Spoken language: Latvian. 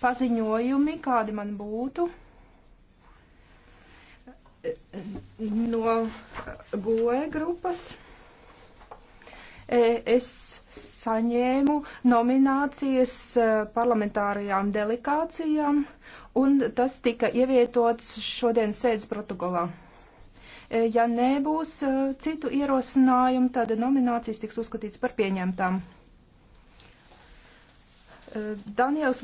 paziņojumi, kādi man būtu no GOE grupas. Es saņēmu nominācijas eh, parlamentārajām delegācijām, un tas tika ievietots šodienas sēdes protokolā. Eh, ja nebūs eh, citu ierosinājumu, tad nominācijas tiks uzskatīts par pieņemtām. Daniels